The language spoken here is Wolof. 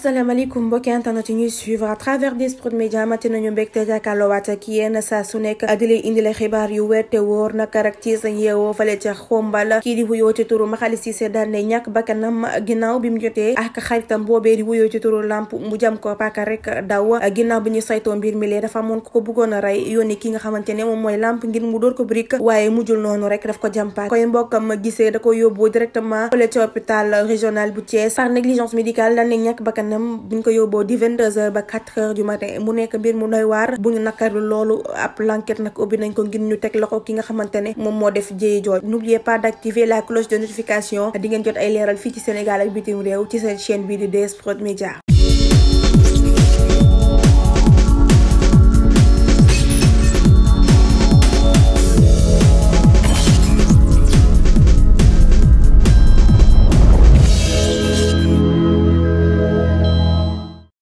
asalaamaaleykum mbokki internet yi ñuy suivre à travers des prod média mate nañu mbégte jàkkaarloowaat ak yéen saa su nekk di leen indi la xibaar yu wér te wóor na karakti sa yeewoo fa ca xombal kii di wuyoo ci turu Maxali Cissé daan ne ñàkk bakkanam ginnaaw bi mu jotee ak xaritam boobee di wuyoo ci turu lamp mu jam ko paaka rek daw ginnaaw bi ñu saytoo mbir mi lee dafa amoon ko ko bëggoon a rey yónni ki nga xamante ne moom mooy lamp ngir mu dóor ko brique waaye mu jul noonu rek daf ko jam paak koy mbokkam gisee da ko yóbbu directement fale ci hôpital bu Thiès par négligence bakkan nam maanaam buñ ko yóbboo di vingt ba quatre heures du matin mu nekk mbir mu doy waar bu ñu nakaru loolu ab l'enquête nag ubbi nañ ko ngir ñu teg loxo ki nga xamante ne moom moo def jéye jooj n'oubliez pas d'activer la cloche de notification di ngeen jot ay leeral fii ci Sénégal ak bitim réew ci seen chaîne bii di DS Prod média